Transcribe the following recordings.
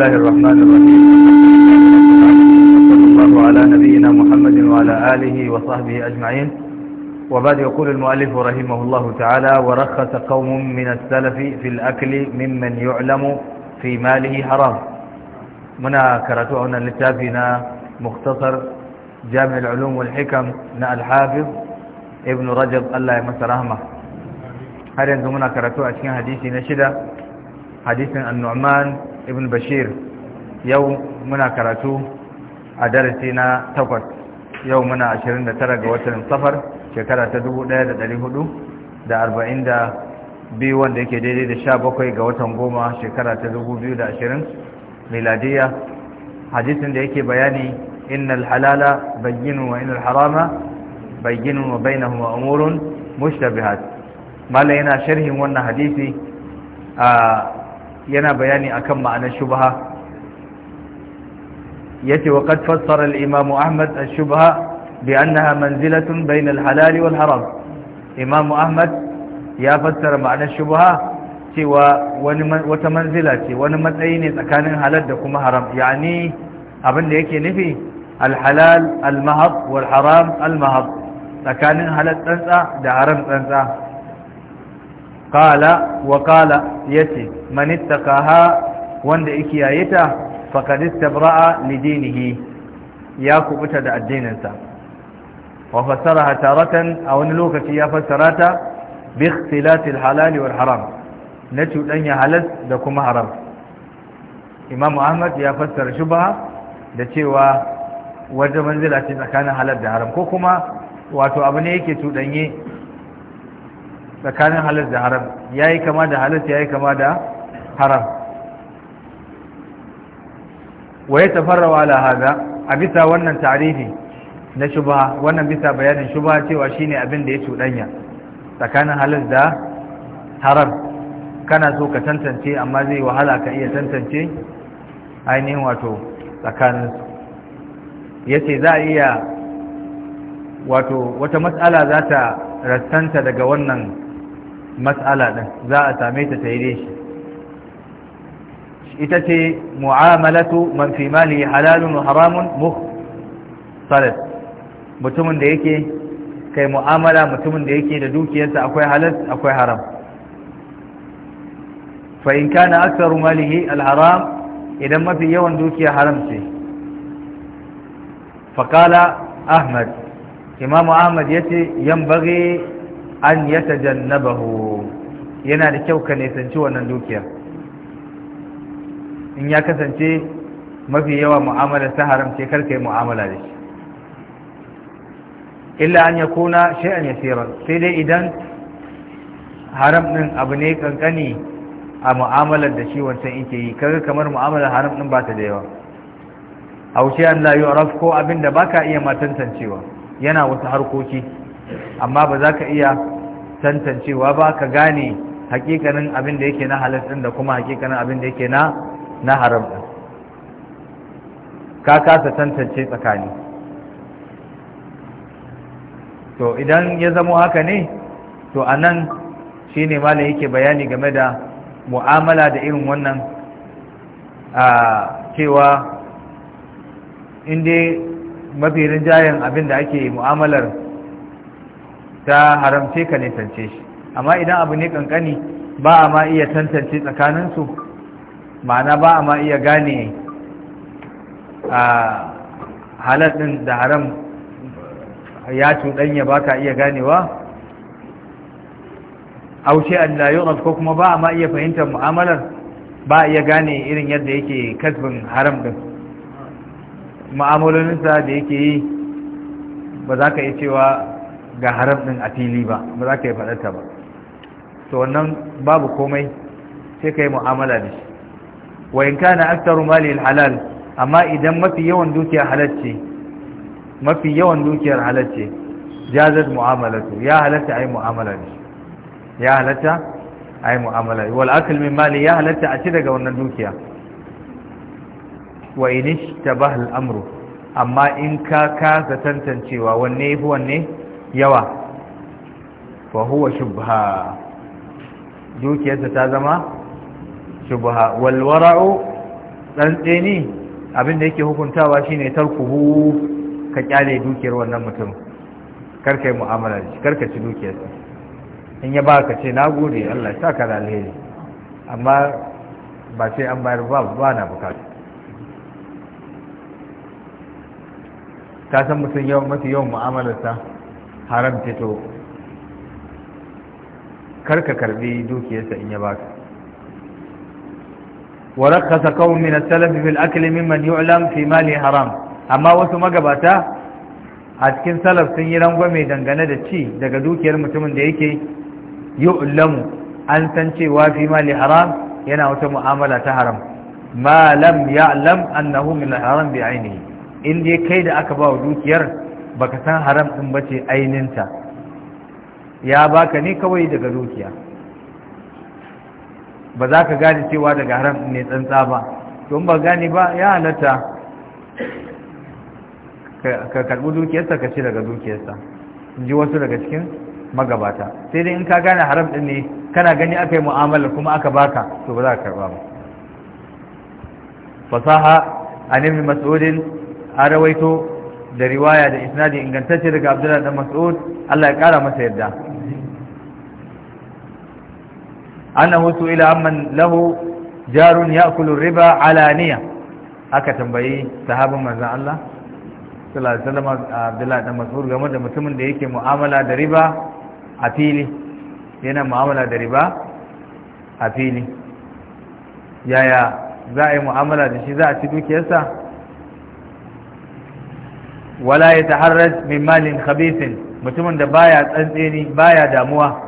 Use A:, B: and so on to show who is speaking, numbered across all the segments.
A: الله الرحمن الرحيم صلى الله على نبينا محمد وعلى آله وصحبه أجمعين وبعد يقول المؤلف رحمه الله تعالى ورخص قوم من السلف في الأكل ممن يعلم في ماله حرام منا كرتوعنا لتابنا مختصر جامع العلوم والحكم نا الحافظ ابن رجب الله يمس رحمه هل ينزمنا كرتوع أشكين حديثي نشدة حديث النعمان ibn bashir yau muna karatu a darasi na takwas yau muna 29 ga watan safar shekara ta 1442 wanda yake daidai da 17 ga watan goma shekara ta 2020 miladiya hadisin da yake bayani innal halala bayyinu wa innal harama bayyinu wa bainahuma umurun mushtabihat mala yana sharhin wannan hadisi a yana bayani akan ma'anar shubha yace wa qad fassara al-imam Ahmad ash-shubha bi annaha manzilatun bayna al-halal wal haram imam Ahmad ya fassara ma'anar shubha cewa wani wata manzila ce wani matsayi ne tsakanin halal da kuma haram yani abin da yake nufi al-halal al-mahab wal haram al-mahab tsakanin halal tsantsa da haram tsantsa kala wa ya ce man ittaqaha wanda yake yayita faqad istabra'a li dinihi ya kubuta da addininsa wa fassaraha taratan a wani lokaci ya fassara ta bi ikhtilatil wal haram na cuɗanya halal da kuma haram imam ahmad ya fassara shubha da cewa wajen manzila ce tsakanin halal da haram ko kuma wato abu ne yake cuɗanye tsakanin halar da haram ya yi kama da halas ya yi kama da haram wa ya tafarrawa ala a bisa wannan tarihi na shuba wannan bisa bayanin shuba cewa shi ne abin da ya cuɗanya tsakanin halar da haram kana so ka tantance amma zai wahala ka iya tantance ainihin wato tsakanin ya ce za a iya wato wata matsala za ta rassanta daga wannan matsala ɗin za a same ta ta yi shi ita ce mu'amalatu man fi mali halalun wa haramun mukhtalif mutumin da yake kai mu'amala mutumin da yake da dukiyarsa akwai halal akwai haram fa in kana aktsaru malihi al-haram idan mafi yawan dukiya haram ce fa qala ahmad ya ce 'yan yanbaghi an yatajannabahu yana da kyau ka nisanci wannan dukiya. in ya kasance mafi yawa mu'amala ta haramce kar ka yi mu'amala da shi illa an yakuna ya sai dai idan haram ɗin abu ne kankani a mu'amalar da shi wancan yake yi kaga kamar mu'amalar haram ɗin ba ta da yawa a wuce an layu a ko abinda ka iya matantancewa tantancewa yana wasu harkoki amma ba za ka iya tantancewa ba ka gane hakikanin abin da yake na halittun da kuma hakikanin abin da yake na na haram ɗin ka kasa tantance tsakani to idan ya zamo haka ne to a anan shine malam yake bayani game da mu'amala da irin wannan a cewa inda mafi rinjayen abin da ake mu'amalar ta sai ka ne tance shi amma idan abu ne kankani ba a ma iya tantance tsakaninsu ma'ana ba a ma iya gane a halar ɗin da haram ya cuɗanya ba ka iya ganewa aushe allayonar ko kuma ba a ma iya fahimtar mu'amalar ba a iya gane irin yadda yake kasbin haram ɗin mu'amalolinsa da yake yi ba za ka iya cewa ga haram din a fili ba ba za ka yi faɗarta ba to wannan babu komai sai ka yi mu'amala da shi wa in kana aktaru mali halal amma idan mafi yawan dukiyar halal ce mafi yawan dukiyar halal ce jazat mu'amalatu ya halatta ai mu'amala da shi ya halatta ai mu'amala wal akl min mali ya halatta a ci daga wannan dukiya wa in ishtabaha al-amru amma in ka kasa tantancewa wanne yafi wanne yawa fa huwa shubha dukiyarsa ta zama shubha wal wara'u tsantseni abinda yake hukuntawa shine tarkuhu ka kyale dukiyar wannan mutum karka yi mu'amala da shi karka ci dukiyarsa in ya baka ce na gode Allah ya saka da alheri amma ba sai an bayar ba ba na bukata ka san mutum yawan mafi yawan mu'amalarsa haram kar karka karbi dukiyarsa in ya baka wa rakhasa qawm min as-salaf fil akl fi mali haram amma wasu magabata a cikin salaf sun yi rangwame dangane da ci daga dukiyar mutumin da yake yu'lamu an san cewa fi mali haram yana wata mu'amala ta haram Malam, lam ya'lam annahu min al-haram bi ainihi in dai kai da aka ba wa dukiyar baka san haram ɗin ba ce aininta ya baka ne kawai daga dukiya ba za ka gane cewa daga haram ne tsantsa ba don ba gane ba ya halatta ka karɓi dukiyarsa ka ci daga dukiyarsa ji wasu daga cikin magabata sai dai in ka gane haram ɗin ne kana gani aka yi mu'amala kuma aka baka to ba za ka karɓa ba fasaha a nemi mas'udin a rawaito da riwaya da isnadi ingantacce daga abdullahi dan mas'ud Allah ya kara masa yadda annahu su'ila amman lahu jarun ya'kulu riba alaniya aka tambayi sahabin manzo Allah sallallahu alaihi wasallam abdullahi dan mas'ud game da mutumin da yake mu'amala da riba a fili yana mu'amala da riba a fili yaya za a yi mu'amala da shi za a ci dukiyarsa wala ya ta min mimalin khabisin mutumin da baya tsantseni baya damuwa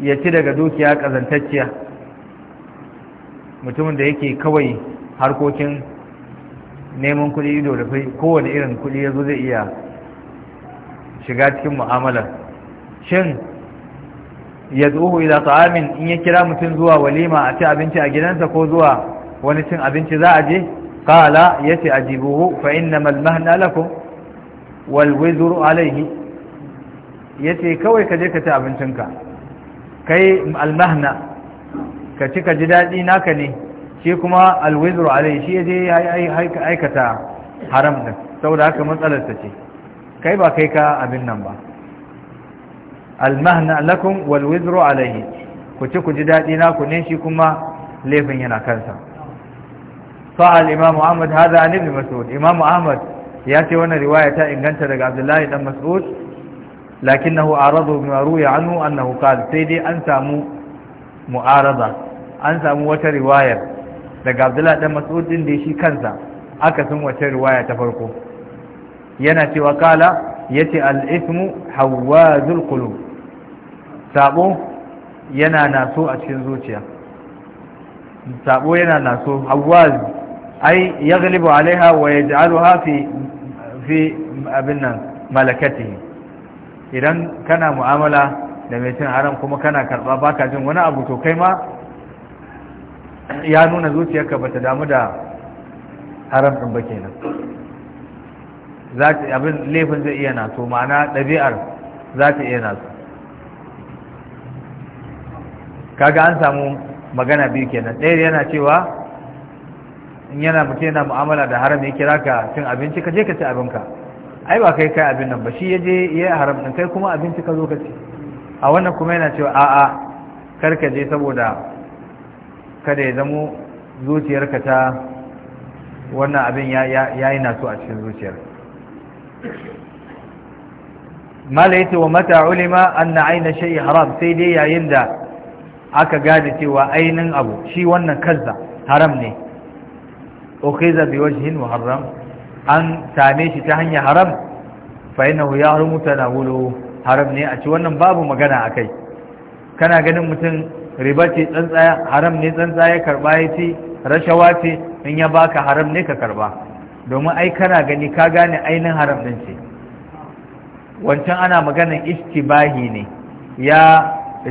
A: ya ci daga dukiya kazantacciya mutumin da yake kawai harkokin neman kuɗi ido da kowane irin kuɗi ya zo zai iya shiga cikin mu'amalar shin ya zuhu ila ta'amin in ya kira mutum zuwa walima a ci abinci a gidansa ko zuwa wani cin abinci za a je qala yace ajibuhu fa innamal mahna lakum wal wizru alayhi yace kawai ka je ka kai al mahna ka ci ji dadi naka ne shi kuma al alayhi shi yaje aikata haram din haka matsalar ta ce kai ba kai ka abin nan ba alayhi ku ji naku ne shi kuma laifin yana kansa fa'al imam ahmad hada an ibn mas'ud imam ahmad ya ce wannan riwaya ta inganta daga abdullahi dan mas'ud lakinnahu aradu bima ruya anhu annahu qala sai dai an samu mu'arada an samu wata riwayar daga abdullahi dan mas'ud din da shi kansa aka san wata riwaya ta farko yana cewa kala yace al-ismu hawazul qulub sabo yana naso a cikin zuciya sabo yana naso hawaz ai ya galibu Aliha wa ya ja'aluha fi fi abin nan malakatihi idan kana mu'amala da mai cin haram kuma kana karba baka jin wani abu to kai ma ya nuna zuciyarka bata damu da haram din ba kenan zata abin laifin zai iya naso ma'ana ɗabi'ar za ta iya naso kaga an samu magana biyu kenan ɗaya yana cewa in yana mutum yana mu'amala da haram ya kira ka cin abinci ka je ka ci abinka ai ba kai kai abin nan ba shi ya je ya haram din kai kuma abinci ka zo ka ci a wannan kuma yana cewa a'a kar ka je saboda kada ya zamo zuciyarka ta wannan abin ya yi naso a cikin zuciyar mala yace wa mata ulima anna aina shay haram sai dai yayin da aka gane cewa ainin abu shi wannan kaza haram ne ukhiza bi wajhin muharram an same shi ta hanyar haram fa innahu yahrumu tanawulu haram ne a ci wannan babu magana akai kana ganin mutum riba ce tsantsaya haram ne tsantsaya karba ya rashawa ce in ya baka haram ne ka karba domin ai kana gani ka gane ainihin haram din ce wancan ana maganan istibahi ne ya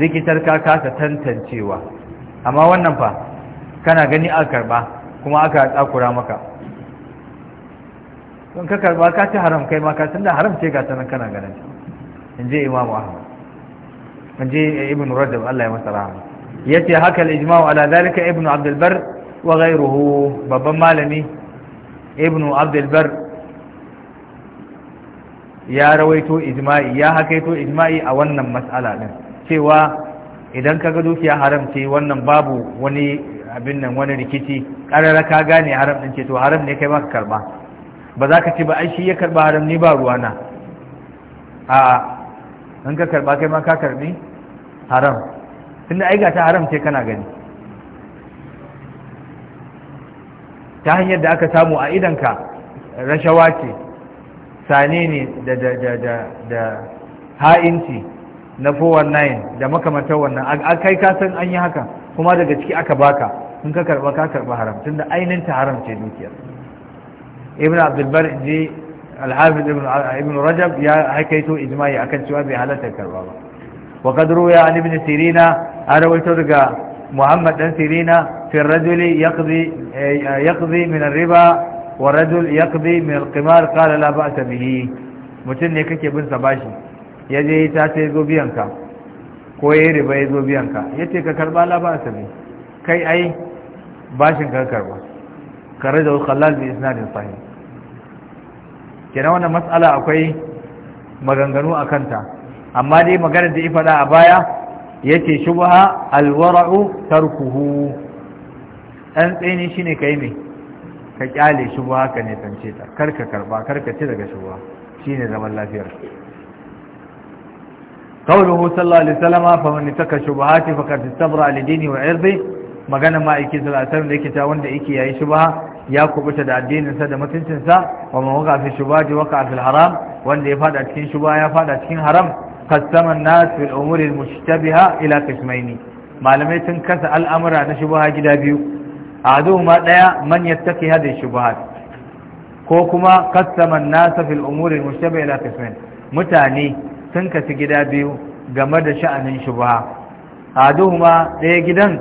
A: rikitar ka kasa tantancewa amma wannan fa kana gani a karba kuma aka tsakura maka don ka karba ka ci haram kai maka tun da haram ce ga ta kana ganin in je imam ahmad in je ibn rajab Allah ya masa rahama yace haka al-ijma'u ala zalika ibn abd al barr wa ghayruhu babban malami ibn abd al barr ya rawaito ijma'i ya hakaito ijma'i a wannan mas'ala din cewa idan kaga dukiya haram ce wannan babu wani abin nan wani rikici ƙarara ka gane haram ɗin ce to haram ne kai ma ka karɓa ba za ka ce ba ai shi ya karɓa haram ni ba na a in ka karɓa kai ma ka karɓi haram tunda ai ga ta haram ce kana gani ta hanyar da aka samu a idanka rashawa ce sane ne da da da da da ha'inci na 419 da makamantar wannan kai kasan an yi haka kuma daga ciki aka baka in ka karba ka karba haram da ainihin ta haram ce dukiyar ibn abdulbar je alhafiz ibn rajab ya haikaito ijma'i akan cewa bai halatta karba ba wa qad ruya an ibn sirina an rawaito daga muhammad dan sirina fi rajuli yaqdi eh, min riba wa rajul yaqdi min al qala la ba'sa bihi ne kake bin sa bashi yaje ta sai zo biyan ka ko ya yi riba ya zo biyan ka ya ce ka karba la ba kai ai bashin ka karba kare da khallal da isnadin sahih kenan wani matsala akwai maganganu a kanta amma dai maganar da ya faɗa a baya ya ce shi ba alwara'u tarkuhu shi tsini ka kai ne ka kyale ba ka ne tance ta karka karba karka ci daga Shi ne zaman lafiyar قوله صلى الله عليه وسلم فمن اتقى الشبهات فقد استبرأ لدينه وعرضه magana ma'aiki sallallahu da yake ta wanda yake yayi shubha ya kubuta da addinin sa da mutuncin sa wa man waqa fi shubhati waqa fi haram wanda ya fada cikin shubha ya fada cikin haram qasama an-nas fil umuri al-mushtabiha ila qismaini malamai sun kasa al'amura na shubha gida biyu A aduhuma daya man yattaqi hadhihi shubhat ko kuma qasama an-nas fil umuri al-mushtabiha ila qismaini mutane sun kasu gida biyu game da sha'anin shubha aduhuma ɗaya gidan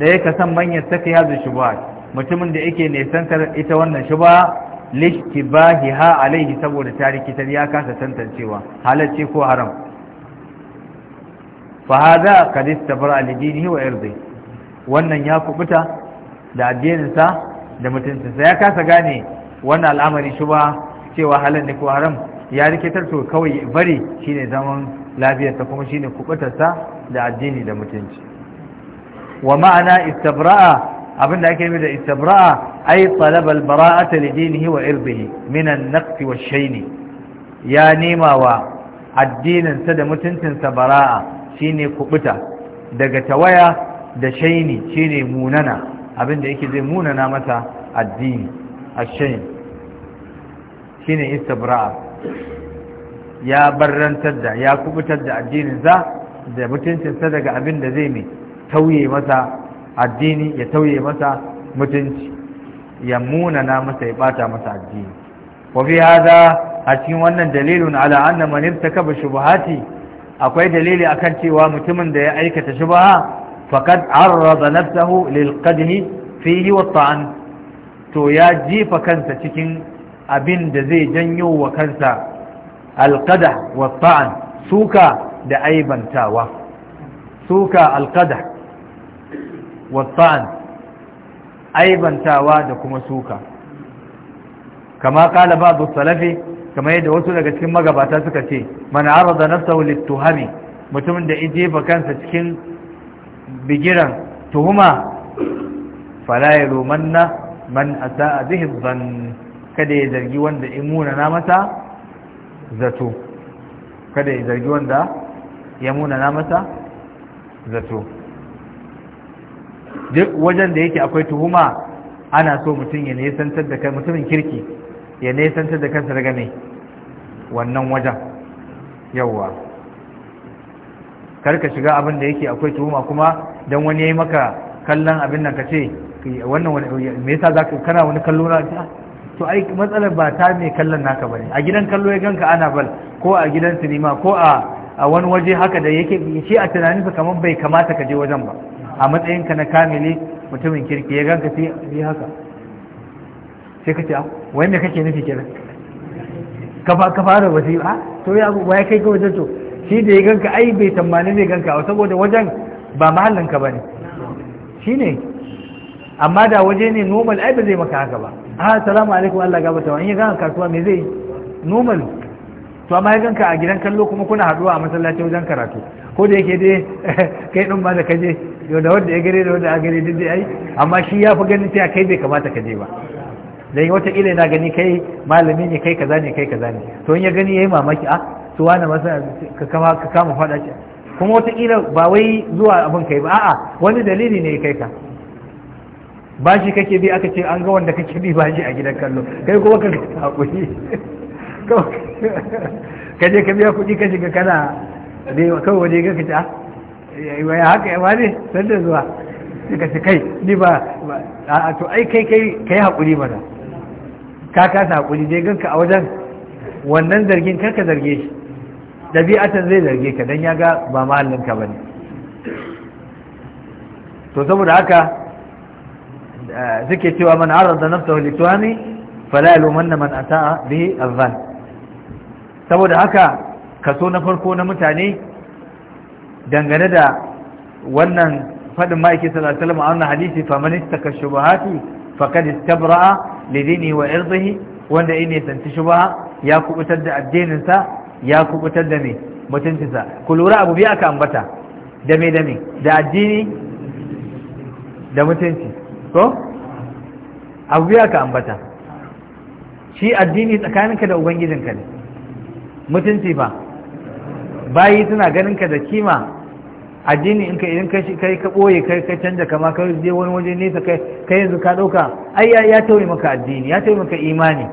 A: ɗaya ka san manyan saka yazu shubha mutumin da yake nesantar ita wannan shubha lishtibahi ha alaihi saboda tarikitar ya kasa tantancewa halacce ko haram fa hada qad istabara li dinihi wa irdi wannan ya kubuta da addininsa da mutuntunsa ya kasa gane wannan al'amari shubha cewa halal ne ko haram ya rikitar to kawai bari shine zaman ta kuma shine kubutarsa da addini da mutunci wa ma'ana istabra'a abinda ake nufi da istabra'a ai talaba al-bara'ata li dinihi wa irbihi, min an-naqs wa shayni ya nema wa addininsa da mutuncinsa bara'a shine kubuta daga tawaya da shaini shine munana abinda yake zai munana mata addini ash-shayn shine istibra'a ya barrantar da ya kubutar da addininsa da mutuncinsa daga abin da zai mai tauye masa addini ya tauye masa mutunci ya munana masa ya bata masa addini wafi haza a cikin wannan dalilin ala anna manirta kaba shubuhati akwai dalili akan cewa mutumin da ya aikata shubuha faqad arrada nafsahu lil qadhi fihi wa ta'an to ya jifa kansa cikin abin da zai janyo wa kansa alqada wa suka da aibantawa suka alqada wa aibantawa da kuma suka kama kala babu salafi kama yadda wasu daga cikin magabata suka ce man arada nafsahu lit-tuhami mutum da ijefa kansa cikin bigiran tuhuma fala yalumanna man a bihi dhann kada ya zargi wanda in munana mata zato kada ya zargi wanda ya munana masa zato duk wajen da yake akwai tuhuma ana so mutum ya nesantar da kan mutumin kirki ya nesantar da kansa daga mai wannan wajen yawwa karka shiga abin da yake akwai tuhuma kuma don wani ya yi maka kallon abin nan ka ce wannan wani me yasa za ka kana wani kallo na to ai matsalar ba ta mai kallon naka bane a gidan kallo ya ganka ana bal ko a gidan sinima ko a a wani waje haka da yake shi a sa kamar bai kamata ka je wajen ba a matsayinka na kamile mutumin kirki ya ganka sai yi haka sai ka ce ah, wai me kake nufi kenan ka ba ka fara wasi a ah, to ya wai kai ka wajen to shi da ya ganka ai bai tambani mai ganka a saboda wajen ba mahallin ka bane shine amma da waje ne normal ai ba zai maka haka ba a ah, salamu alaikum Allah gaba ta wani ya gan kasuwa me zai normal to amma ya ganka a gidan kallo kuma kuna haduwa a masallaci wajen karatu ko da yake dai kai din ma da kaje yau da wanda ya gare da wanda a gare duk dai ai amma shi ya fi ganin cewa kai bai kamata ka je ba dan wata ila na gani kai malami ne kai kaza ne kai kaza ne to in ya gani yayi mamaki a ah, to wani masa ka kama ka kama fada shi kuma wata ila ba wai zuwa abin kai ba a'a wani dalili ne ya kai ka bashi kake bi aka ce an ga wanda kake bi bashi a gidan kallo kai kuma ka hakuri ka je ka biya kuɗi ka shiga kana kawai waje ga ka ta ya haka yawa ne san da zuwa ka ce kai ni ba a to ai kai kai kai hakuri mana ka kasa hakuri dai ganka a wajen wannan zargin karka zarge shi ɗabi'atan zai zarge ka don ya ga ba mahallinka ba ne to saboda haka suke cewa man arada nafsahu lituhami fala yalumanna man ata'a bihi adhan saboda haka kaso na farko na mutane dangane da wannan fadin ma'aiki sallallahu alaihi wasallam a wannan hadisi faman istaka shubahati faqad istabra'a lidini wa irdihi wanda ya santi shubaha ya kubutar da addinin sa ya kubutar da me mutuncinsa ku lura abu biya aka ambata dame me da addini da mutunci So? abu biya ka ambata shi addini tsakaninka da ubangijinka ne mutunci ba. bayi suna ganinka da kima addini in ka idan kai ka boye kai ka canja kama ka je wani waje ta kai kai yanzu ka dauka ai ya tauye maka addini ya tauye maka imani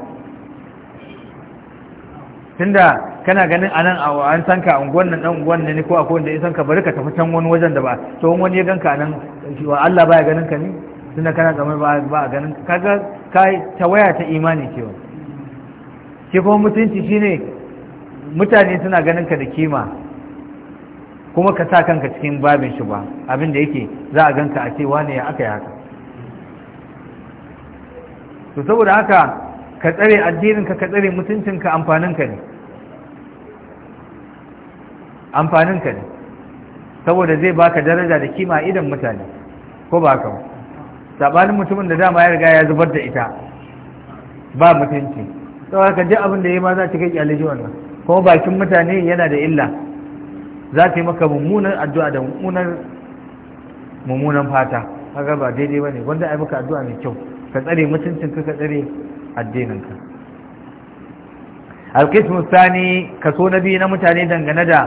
A: tunda kana ganin anan a an san ka unguwan nan dan unguwan ne ko akwai wanda ya san ka bari ka tafi can wani wajen da ba to wani ya ganka anan wa Allah baya ganin ka ne da kana kamar ba a ganin kaga kai ta waya ta imani wa ke kuma mutunci shine mutane suna ganin ka da kima kuma ka sa kanka cikin babin shi ba abin da yake za a ganka a ce wane ya aka yi haka to saboda haka ka tsare addininka ka tsare amfanin amfaninka ne ka ne saboda zai baka daraja da kima idan mutane ko ba ka ba sabanin mutumin da dama ya riga ya zubar da ita ba mutunci sau haka duk abin da ya ma za ta kai kyale shi wannan kuma bakin mutane yana da illa za ta yi maka mummunan addu'a da mummunan mummunan fata haka ba daidai ba ne wanda ai maka addu'a mai kyau ka tsare mutuncin ka ka tsare addininka alkismu sani kaso na biyu na mutane dangane da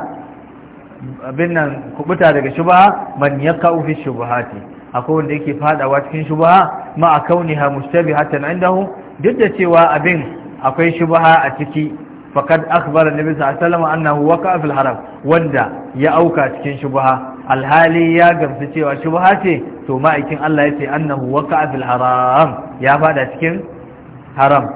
A: abin nan kubuta daga shubha man ofis fi shubhati akwai wanda yake fadawa cikin shubha ma kauniha mustabihatan indahu duk da cewa abin akwai shubaha a ciki faqad akhbara nabi sallallahu alaihi wasallam annahu waqa'a fil haram wanda ya auka cikin shubaha. alhali ya gamsu cewa shubaha ce to ma'aikin Allah yace annahu waqa'a fil haram ya fada cikin haram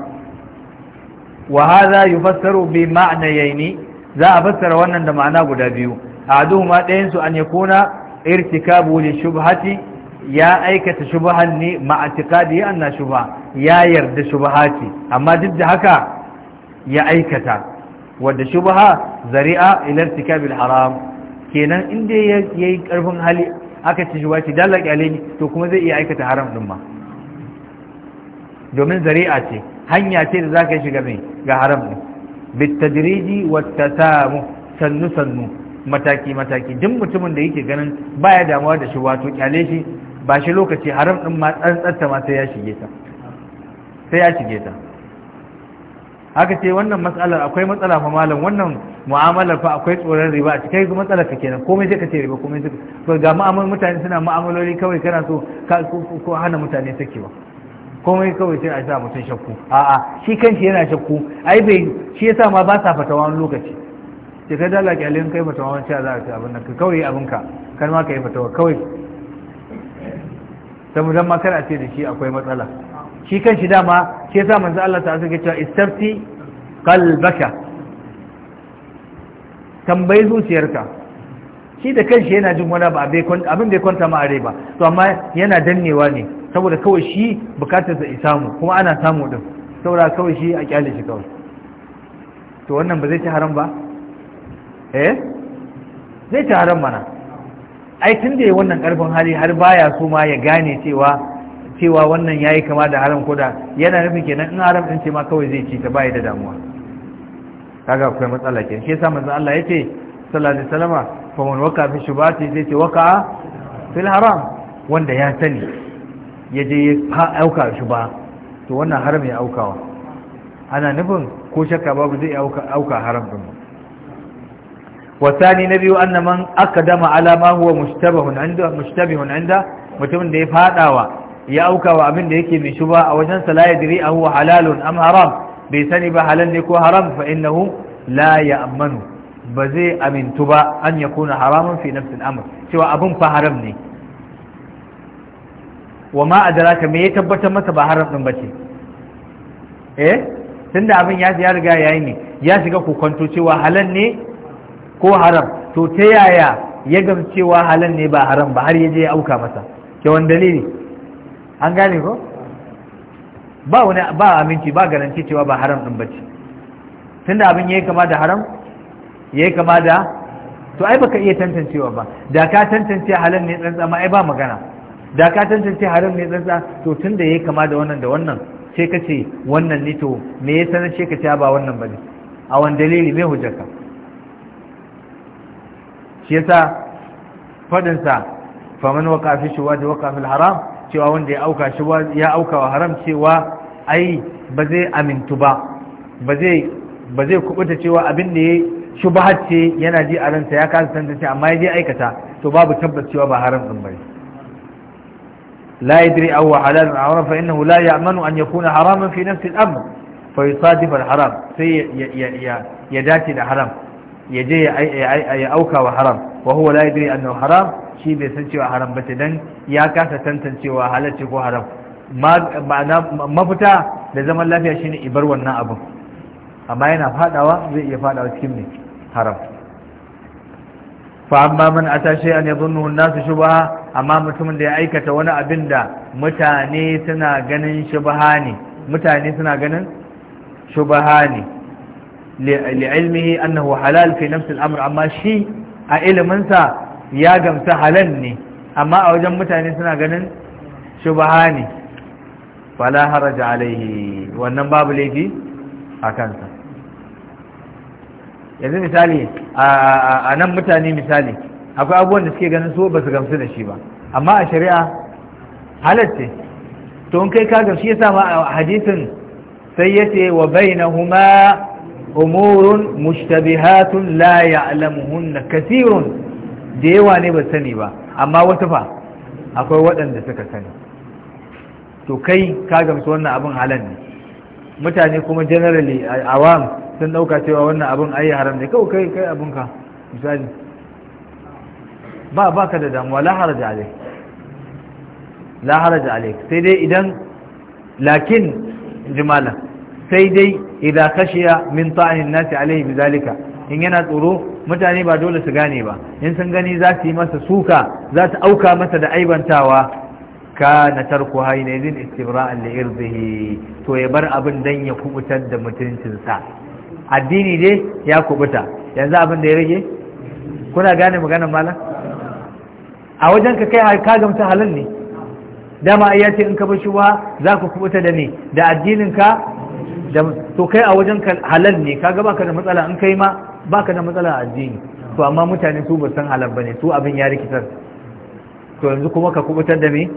A: wa hadha yufassaru bi ma'nayaini za a fassara wannan da ma'ana guda biyu A'du ma su an yakuna irtikabu li shubhati ya aikata shubahan ne ma'atikadi ya yana shubha ya yarda shubaha ce amma duk da haka ya aikata wadda shubaha, zari'a ila irtikabil haram kenan inda yi karfin hali aka ci shubha ce dalal alani to kuma zai iya aikata haram ɗin ma domin zari'a ce hanya ce da zaka shiga mai ga haram din bitadriji samu, sannu sannu mataki mataki duk mutumin da yake ganin baya damuwa da shubha to kyale shi ba shi lokaci haram ɗin ma tsantsatta ma sai ya shige ta sai ya shige ta haka ce wannan matsalar akwai matsala fa malam wannan mu'amalar fa akwai tsoron riba a cikin matsalar ka kenan komai sai ka ce riba komai sai ka ga ma'amal mutane suna mu'amaloli kawai kana so ka ko hana mutane sakewa komai kawai sai a sa mutum shakku a'a shi kanshi yana shakku ai bai shi yasa ma ba sa fata wani lokaci sai ka dala kyalin kai fata wani cewa za a ci abin nan kawai abin ka kar ma ka yi fatawa kawai saboda ma kana ce da shi akwai matsala shi kan shi dama shi yasa manzo Allah ta azuke cewa istafti qalbaka tambayi zuciyarka shi da kanshi yana jin wani ba abin da ya kwanta ma ba to amma yana dannewa ne saboda kawai shi bukatar da samu kuma ana samu din saboda kawai shi a kyale shi kawai to wannan ba zai ci haram ba eh zai ci haram mana ai tun da ya wannan karfin hali har baya su ma ya gane cewa cewa wannan yi kama da haram koda yana nufin kenan in haram din ce ma kawai zai ci ta baya da damuwa kaga akwai matsala kenan shi yasa manzo Allah ce sallallahu alaihi wasallama fa man waka fi shubati zai ce waka fil haram wanda ya sani ya je ya fa auka shuba to wannan haram ya aukawa ana nufin ko shakka babu zai auka auka haram din wasani na biyu an man aka dama alama huwa mushtabahun inda mutumin da ya fadawa ya auka wa abin da yake mai shuba a wajen sa la yadri a huwa halalun am haram bai sani ba halal ne ko haram fa innahu la ya'manu ba zai amintu ba an yakuna haramun fi nafsi al-amr cewa abin fa haram ne wa ma adraka me ya tabbatar masa ba haram din bace eh tunda abin ya ya riga yayi ne ya shiga kokonto cewa halal ne ko haram to ta yaya ya gamsu cewa halal ne ba haram ba har ya je ya auka masa ke wani dalili an gane ko ba wani ba aminci ba garanti cewa ba haram din bace tunda abin yayi kama da haram yayi kama da to ai baka iya tantancewa ba da ka tantance halal ne tsantsa ma ai ba magana da ka tantance haram ne tsantsa to tunda yayi kama da wannan da wannan sai ka ce wannan ne to me ya sanar sai ka ce ba wannan bane a wani dalili me hujjaka? shi yasa fadin sa faman waqa fi shuwaj waqa fil haram cewa wanda ya auka shuwaj ya auka wa haram cewa ai ba zai amintu ba ba zai ba kubuta cewa abin da ya shubahat ce yana ji a ransa ya kasa san ce amma ya je aikata to babu tabbas cewa ba haram din bane لا يدري أو حلال أو فإنه لا يأمن أن يكون حراما في نفس الأمر فيصادف ya dace da haram. ya je ya auka wa haram wa huwa la yadri annahu haram shi bai san cewa haram ba dan ya kasa tantancewa halarci ko haram mafita da zaman lafiya shine ibar wannan abin amma yana fadawa zai iya fadawa cikin ne haram fa amma man ata shay'an yadhunnu an nas shubha amma mutumin da ya aikata wani abin da mutane suna ganin shubha mutane suna ganin shubha ne li'ilmihi annahu halal fi nafsi al'amr amma shi a iliminsa ya gamsa halal ne amma a wajen mutane suna ganin shubaha ne fala haraja alaihi wannan babu laifi a kansa yanzu misali a nan mutane misali akwai abubuwan da suke ganin su ba su gamsu da shi ba amma a shari'a halatta to in kai ka gamsu ya ma a hadisin sai ya ce wa bainahuma umurun mushtabihatun la ya'lamuhunna kathirun da yawa ne ba sani ba amma wata fa akwai waɗanda suka sani to kai ka gamsu wannan abin halal ne mutane kuma generally awam sun ɗauka cewa wannan abin ayi haram ne kawai kai kai abin ka misali ba ba da damuwa la haraja alaik la haraja alaik sai dai idan lakin jimala sai dai idan kashiya min ta'anin nasi alaihi bizalika in yana tsoro mutane ba dole su gane ba in sun gani za su yi masa suka za su auka masa da aibantawa ka na tarko hainazin istibra'an da irzihi to ya bar abin dan ya kubutar da mutuncinsa addini dai ya kubuta yanzu abin da ya rage kuna gane maganar malam a wajen ka kai ka gamta halal ne dama ayyace in ka bar shubha za ku kubuta da ni da addinin ka to kai a wajen halal ne kaga baka da matsala in kai ma baka da matsala a addini to amma mutane su ba san halal bane su abin ya rikitar to yanzu kuma ka kubutar da me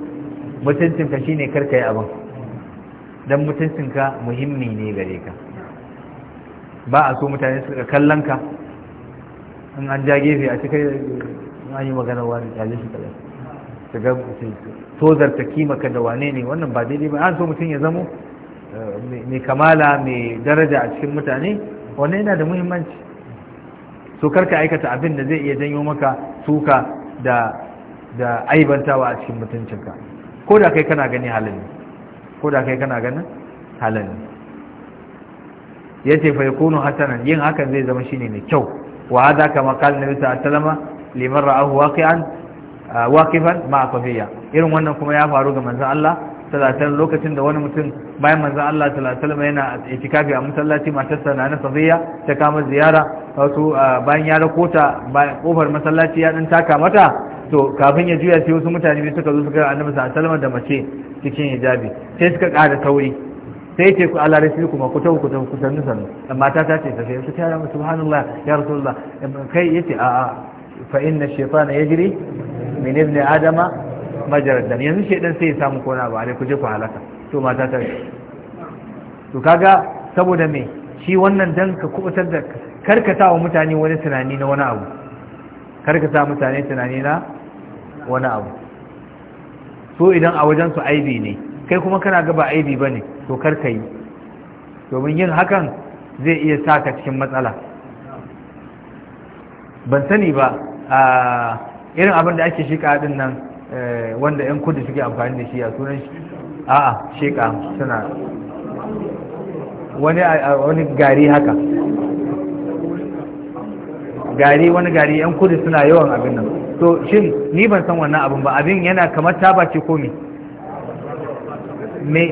A: mutuncinka shine karka yi abin dan mutuncinka muhimmi ne gare ka ba a so mutane su ga kallon ka in an ja gefe a cikin an yi magana wani kyale shi kadan su ga tozarta kimaka da wane ne wannan ba daidai ba an so mutum ya zamo mai kamala mai daraja a cikin mutane wannan yana da muhimmanci so ka aikata abin da zai iya janyo maka suka da da aibantawa a cikin mutuncinka ko da kai kana gani halin ne ko da kai kana ganin halin ne ce, fa yakunu hasanan yin hakan zai zama shine mai kyau wa hadha kama qala nabi sallallahu alaihi wasallam liman ra'ahu waqi'an waqifan ma'a qabiyya irin wannan kuma ya faru ga manzon Allah talatin lokacin da wani mutum bayan manzan Allah talatin yana itikafi a masallaci matarsa na safiya ta kama ziyara wasu bayan ya rakota kofar masallaci ya dan taka mata to kafin ya juya sai wasu mutane biyu suka zo suka annabi sallallahu alaihi da mace cikin hijabi sai suka kada tauri sai ce ku ala rasul kuma ku tawo ku tawo ku sanu sanu mata ta ce ta sai su tara subhanallah ya rasulullah kai yace a fa inna shaytana yajri min ibni adama majarar dam yanzu shaidan sai ya samu kona ba ne ku je ku halaka to mata ta to kaga saboda me shi wannan dan ka kubutar da karkata wa mutane wani tunani na wani abu karkata mutane tunani na wani abu so idan a wajen su aibi ne kai kuma kana ga ba aibi bane to karkai yi domin yin hakan zai iya saka cikin matsala ban sani ba a irin abin da ake shika din nan Eh, wanda 'yan kudu suke amfani da shi a sunan shi a'a sheka suna wani gari haka gari wani gari 'yan kudu suna yawan abin nan to shin ni ban san wannan abin ba abin yana kamar taba ce ko me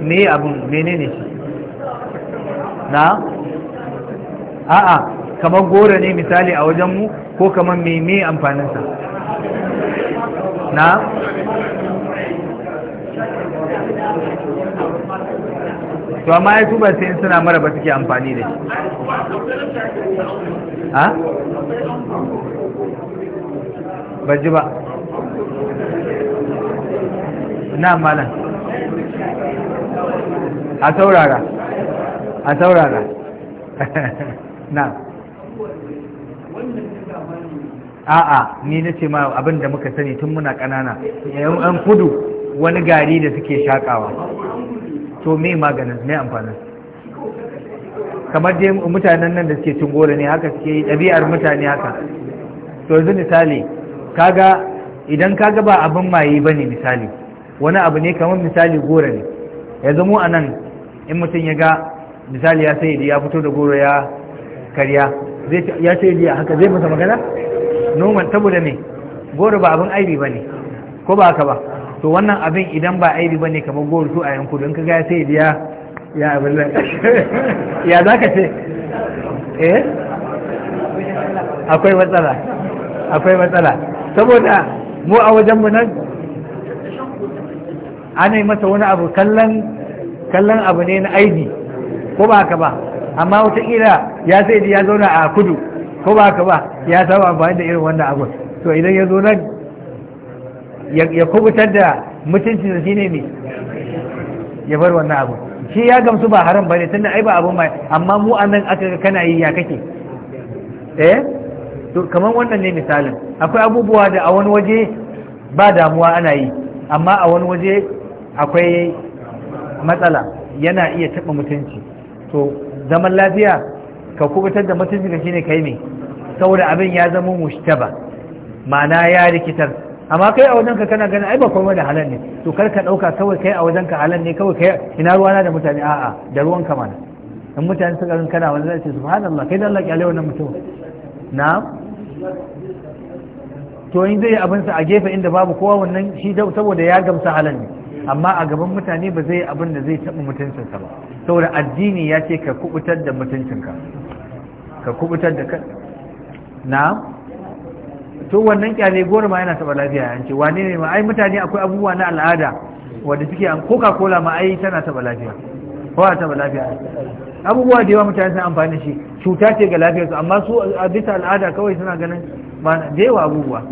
A: me abin menene shi na a'a kamar gora ne misali a wajen mu ko kamar me me amfaninsa na to amma ya tuba sai suna mara ba suke amfani da shi ha? ba ji ba na mana a saurara a saurara na a'a ni na ce ma abin da muka sani tun muna ƙanana yan kudu wani gari da suke shakawa to me maganin me amfanin kamar dai mutanen nan da suke cin goro ne haka suke ɗabi'ar mutane haka to yanzu misali kaga idan kaga ba abin maye ba ne misali wani abu ne kamar misali goro ne ya zamo a nan in mutum ya ga misali ya sai ya fito da goro ya karya ya sai ya haka zai masa magana noman saboda me goro ba abin aibi ba ne ko ba haka ba to wannan abin idan ba aibi ba ne kamar goro su a yanku don ka gaya sai biya ya abin ya za ka ce eh akwai matsala akwai matsala saboda mu a wajenmu nan ana yi masa wani abu kallon abu ne na aibi ko ba haka ba amma wataƙila ya sai ya zauna a kudu ko ba haka ba ya samu amfani da irin wannan abu to idan ya zo nan ya kubutar da mutuncin da shi ne ya bar wannan abu shi ya gamsu ba haram bane tunda ai ba abun mai amma mu nan aka ga kana yi ya kake eh to kamar wannan ne misalin akwai abubuwa da a wani waje ba damuwa ana yi amma a wani waje akwai matsala yana iya taɓa mutunci to zaman lafiya ka kubutar da mutunci ka yi kai ne saboda abin ya zama mushtaba ma'ana ya rikitar amma kai a wajenka kana gani ai ba komai da halal ne to kar ka dauka kawai kai a wajenka halal ne kawai kai ina ruwa na" da mutane a'a da ruwan ka mana in mutane suka rin kana wanda zai ce subhanallah kai da Allah kyale wannan mutum na to in zai abin sa a gefe inda babu kowa wannan shi saboda ya gamsa halal ne amma a gaban mutane ba zai abin da zai taɓa mutuncinsa ba saboda addini ya ce ka kubutar da mutuncinka ka kubutar da na to wannan kyale goro ma yana taba lafiya an ce wane ne ma ai mutane akwai abubuwa na al'ada wanda suke an coca cola ma ai tana taba lafiya ko a taba lafiya abubuwa da yawa mutane sun amfani shi cuta ce ga lafiyarsu amma su a bisa al'ada kawai suna ganin da yawa abubuwa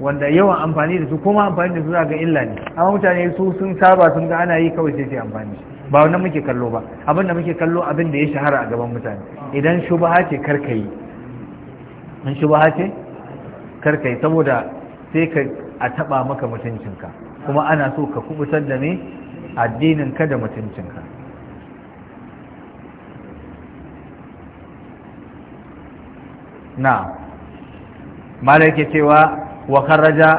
A: wanda yawan amfani da su kuma amfani da su za ga illa ne amma mutane su sun saba sun ga ana yi kawai sai su amfani ba wannan muke kallo ba abin da muke kallo abin da ya shahara a gaban mutane idan shubaha ce karkayi yi an shi ba haƙe karkai saboda sai ka a taɓa maka mutuncinka kuma ana so ka kubutar da addinin ka da mutuncinka na malaike cewa wa kharaja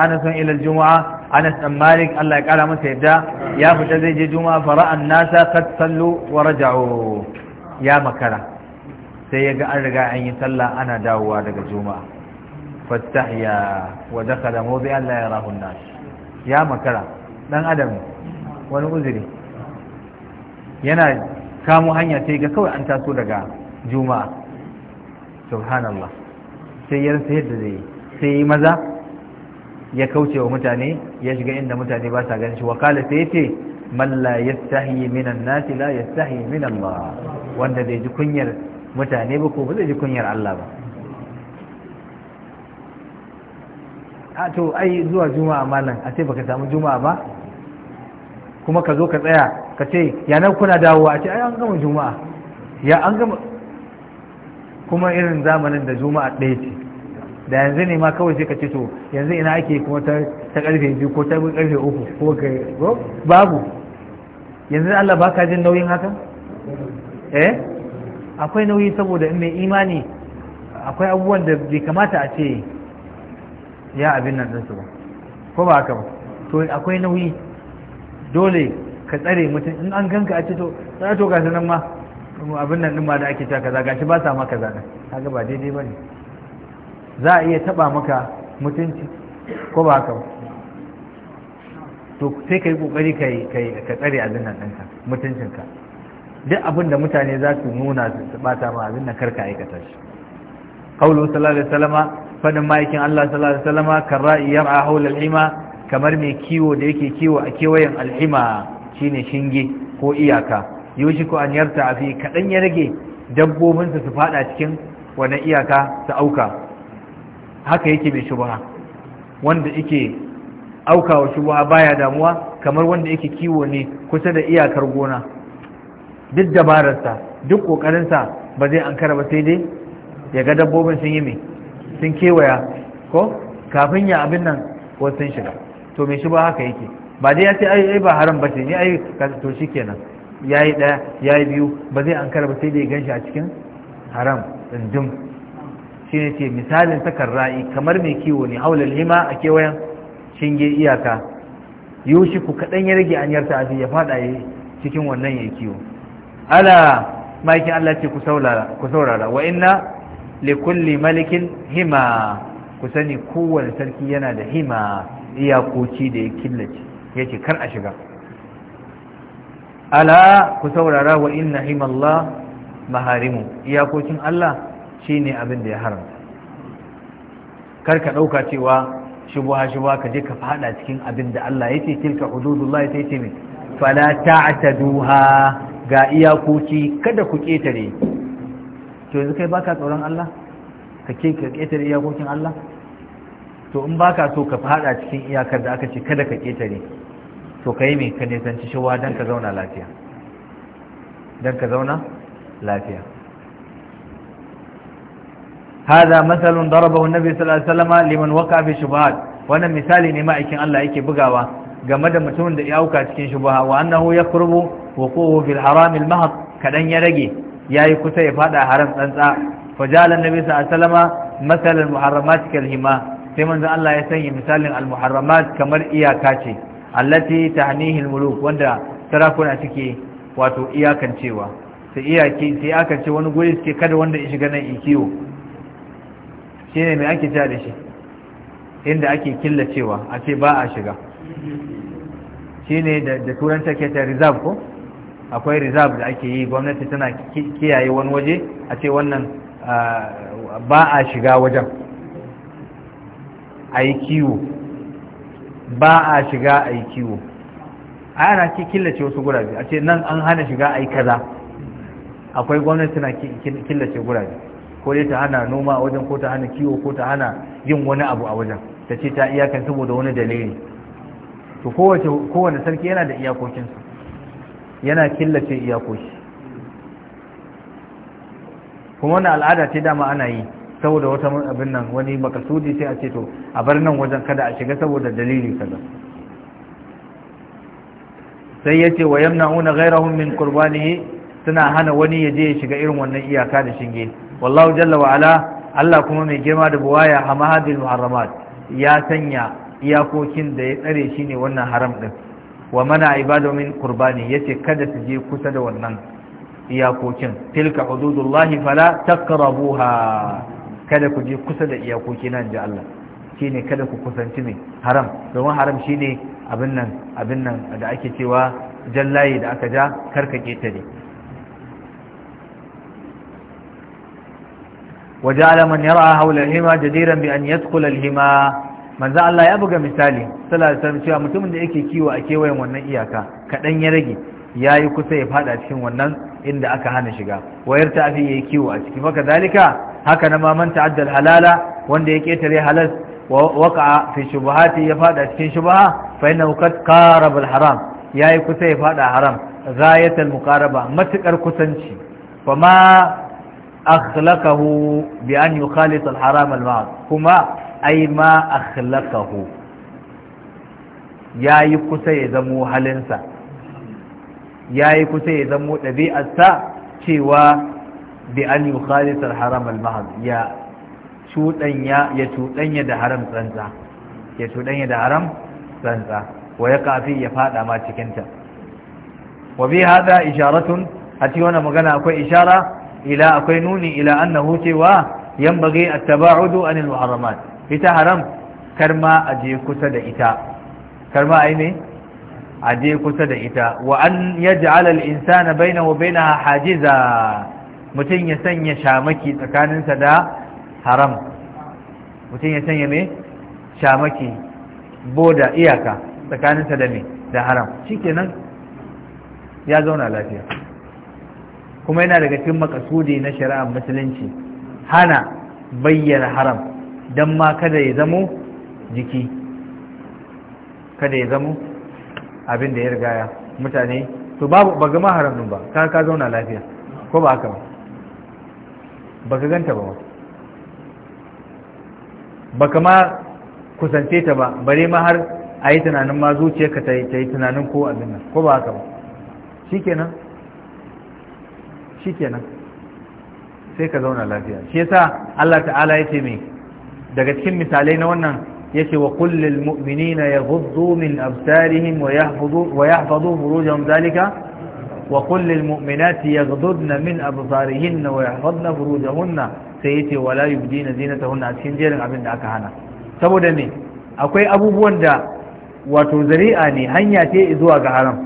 A: ana son ilar juma'a ana san malik Allah ya kara masa yadda ya fita zai je juma'a fara'an nasa sallu, wa raja'o ya makara sai ya ga an riga an yi sallah ana dawowa daga juma'a fastahiya wa dakhala mawdi'an la yarahu an-nas ya makara dan adam wani uzuri yana kamo hanya sai ga kawai an taso daga juma'a subhanallah sai ya rasa yadda zai sai yi maza ya kauce wa mutane ya shiga inda mutane ba sa ganin shi wakala sai yace, man la yastahi minan nas la yastahi min Allah wanda bai ji kunyar mutane ba ko ba zai ji kunyar Allah ba a to ai zuwa juma'a malam a ce baka samu juma'a ba kuma ka zo ka tsaya ka ce ya nan kuna dawowa a ce ai an gama juma'a ya an gama kuma irin zamanin da juma'a ɗaya ce da yanzu ne ma kawai sai ka ce to yanzu ina ake kuma ta karfe biyu ko ta karfe uku ko ka babu yanzu Allah baka jin nauyin haka eh akwai nauyi saboda in mai imani akwai abubuwan da bai kamata a ce ya abin nan ɗinsu ba ko ba haka ba to akwai nauyi dole ka tsare mutum in an ganka a ce to tsara ah, to gasu nan ma abin nan ɗin ma da ake cewa kaza gashi ba sa ma kaza ɗin kaga ba daidai ba ne za a iya taɓa maka mutunci ko ba haka ba to sai ka yi ƙoƙari ka tsare abin nan ɗinka mutuncinka duk abin da mutane za su nuna su bata ma abin nan karka aikata shi qawlu sallallahu alaihi wasallama fadin ma'aikin Allah sallallahu alaihi wasallama karra'i yar'a hawla al-hima kamar mai kiwo da yake kiwo a kewayen al-hima shine shinge ko iyaka ko an yarta fi kadan ya rage dabbobinsa su faɗa cikin wannan iyaka su auka haka yake mai shubha wanda yake wa shubha baya damuwa kamar wanda yake kiwo ne kusa da iyakar gona duk dabararsa duk kokarinsa ba zai an ba sai dai ya ga dabbobin sun yi mai sun kewaya ko kafin ya abin nan ko sun shiga to me shi ba haka yake ba dai ya ce ai ba haram ba ce ni ai to shi kenan ya yi ɗaya ya yi biyu ba zai an ba sai dai ganshi a cikin haram tsindin shi ne ce misalin sakar ra'i kamar mai kiwo ne haulal hima a kewayen shinge iyaka yushiku ku kaɗan ya rage yarta a ya faɗa cikin wannan ya kiwo ala maikin Allah ce ku saurara wa inna li malikin hima ku sani kowane sarki yana da hima iyakoci da ya killace yace kar a shiga ala ku saurara wa inna himallah maharimu iyakokin Allah shine abin da ya haramta kar ka dauka cewa shubuha shubuha ka je ka fada cikin abin da Allah yace tilka hududullahi sai ce me fala ta'taduha ga iyakoki kada ku ƙetare to yanzu kai baka tsoron Allah ka ke ka ƙetare iyakokin Allah to in baka so ka fada cikin iyakar da aka ce kada ka ƙetare to ka yi mai ka nisanci shawa dan ka zauna lafiya dan ka zauna lafiya هذا مثل ضربه nabi sallallahu alaihi wasallam liman waqa fi في wannan misali ne ma'aikin Allah yake bugawa game da mutumin da ya auka cikin shubha wa annahu yaqrubu wakowo fil haramil mahad kaɗan ya rage ya yi kusa ya fada haram tsantsa fajalan nabi sa asalama masalan muharramat kal hima sai manzon Allah ya sanya misalin al muharramat kamar iyaka ce allati tahnihi al muluk wanda sarakuna suke wato iyakan cewa sai iyaki sai aka ce wani guri suke kada wanda ya shiga nan ikiyo shine mai ake cewa da shi inda ake killacewa a ce ba a shiga shine da turanta ke ta reserve ko akwai reserve da ake yi gwamnati tana kiyaye wani waje a ce wannan ba a shiga wajen a yi kiwo ba a shiga a yi kiwo a yana killace wasu gurabe a ce nan an hana shiga a yi kaza akwai gwamnati tana killace gurabe ko dai ta hana noma a wajen ko ta hana kiwo ko ta hana yin wani abu a wajen ta ce ta iyakan saboda wani dalili to kowace kowane sarki yana da iyakokinsa yana killace iyakoki kuma wani al'ada ce dama ana yi saboda wata abin nan wani makasudi sai a ce to a bar nan wajen kada a shiga saboda dalili kaza sai ya ce wa una gaira min kurbani suna hana wani ya je ya shiga irin wannan iyaka da shinge wallahu jalla wa ala Allah kuma mai girma da buwaya hamahadil muharramat ya sanya iyakokin da ya tsare shi ne wannan haram ɗin. wa mana ibadu kurbani ya yace kada su je kusa da wannan iyakokin tilka hududullahi fala taqrabuha kada ku je kusa da iyakoki nan ji Allah shine kada ku kusanci mai haram domin haram shine abin nan abin nan da ake cewa jallaye da aka ja karka ketare وجعل من يرعى حول الهما جديرا بأن يدخل الهما manzo Allah ya buga misali sallallahu alaihi cewa mutumin da yake kiwo a kewayen wannan iyaka kaɗan ya rage yayi kusa ya fada cikin wannan inda aka hana shiga wayar ta afi yayi kiwo a ciki faka zalika haka na maman ta'addal halala wanda ya ketare halal waka fi shubuhati ya fada cikin shubaha fa innahu qad qaraba al-haram yayi kusa ya fada haram ghayat al-muqaraba matukar kusanci fa ma akhlaqahu bi an yukhalit al-haram al kuma ai ma ya yi kusa ya zamo halinsa ya yi kusa ya zamo ɗabi'arsa cewa bi an yi yukhalisa haram al-mahd ya cudanya ya cudanya da haram tsantsa ya cudanya da haram tsantsa wa ya kafi ya fada ma cikin wa bi hada isharatun a cikin wannan magana akwai ishara ila akwai nuni ila annahu cewa yanbaghi at-taba'udu anil muharramat ita haram karma a je kusa da ita karma ai ne a je kusa da ita wa an yaj'al al-insana bainahu wa bainaha hajiza mutum ya sanya shamaki tsakaninsa da haram mutum ya sanya me shamaki boda iyaka tsakaninsa da me da haram shikenan ya zauna lafiya kuma yana daga cikin makasudi na shari'ar musulunci hana bayyana haram don ma kada ya zamo jiki kada ya zamo abin da ya rigaya mutane to babu ba gama haram ba ka ka zauna lafiya ko ba haka ba ba ka ganta ba ba ka ma kusance ta ba bare ma har a yi tunanin ma zuciyarka ta yi tunanin ko abin nan ko ba haka ba shikenan shikenan sai ka zauna lafiya shi yasa Allah ta'ala ya ce mai daga cikin misalai na wannan yace wa kullil mu'minina yaghuddu min absarihim wa yahfazu wa yahfazu furujahum zalika wa kullil mu'minati yaghuddna min absarihinna wa yahfazna furujahunna sai yace wala yubdina zinatahunna a cikin jerin abin da aka hana saboda me akwai abubuwan da wato zari'a ne hanya ce zuwa ga haram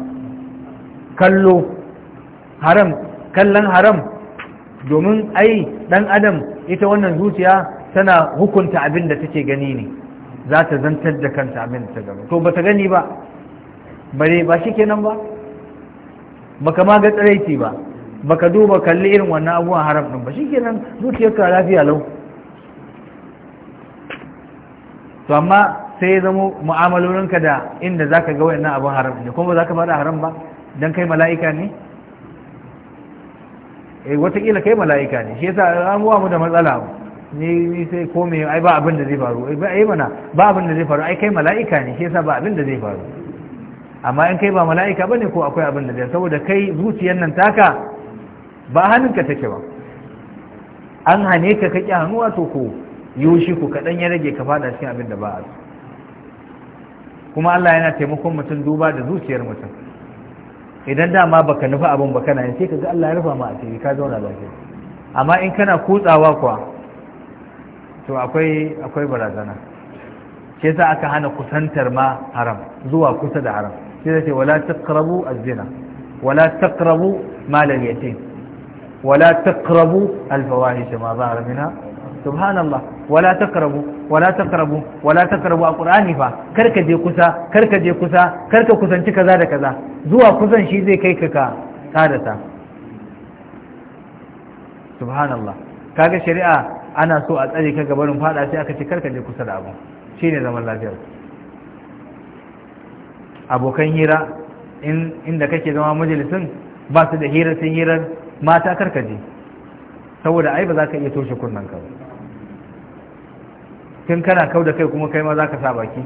A: kallo haram kallon haram domin ai dan adam ita wannan zuciya tana hukunta abin da take gani ne za ta zantar da kanta abin da ta gani to ba ta gani ba bare ba shi kenan ba baka ma ga tsiraiti ba baka duba kalli irin wannan abubuwan haram ɗin ba shi kenan zuciyarka lafiya lau to amma sai ya zamo mu'amalolinka da inda za ka ga wayannan abin haram ne kuma za ka fada haram ba don kai mala'ika ne e eh, watakila kai mala'ika ne shi yasa an mu da matsala ni sai ko me ai ba abin da zai faru ai mana ba abin da zai faru ai kai mala'ika ne shi yasa ba abin da zai faru amma in kai ba mala'ika bane ko akwai abin da zai saboda kai zuciyar nan taka ba hannunka take ba an hane ka kake hannuwa to ko yoshi ku kadan ya rage ka fada cikin abin da ba a kuma Allah yana taimakon mutum duba da zuciyar mutum idan dama baka nufa abin ba kana yin sai kaga Allah ya rufa ma a ka zauna lafiya amma in kana kutsawa kuwa to akwai barazana shi yasa aka hana kusantar ma haram zuwa kusa da haram shi ce wala taqrabu az-zina wala taqrabu mal al-yatim wala taqrabu al-fawahish ma zahara minha subhanallah wala taqrabu wala taqrabu wala taqrabu al-qur'ani fa karka je kusa karka je kusa karka kusanci kaza da kaza zuwa kusan shi zai kai ka ka kadata subhanallah kaga shari'a ana so a tsare ka gabarin fada sai aka ce karka je kusa da abu shine zaman lafiyar abokan hira in inda kake zama majalisin ba su da hirar sun hira mata karka je saboda ai ba za ka iya toshe kunnen ka tun kana kau da kai kuma kai ma za ka sa baki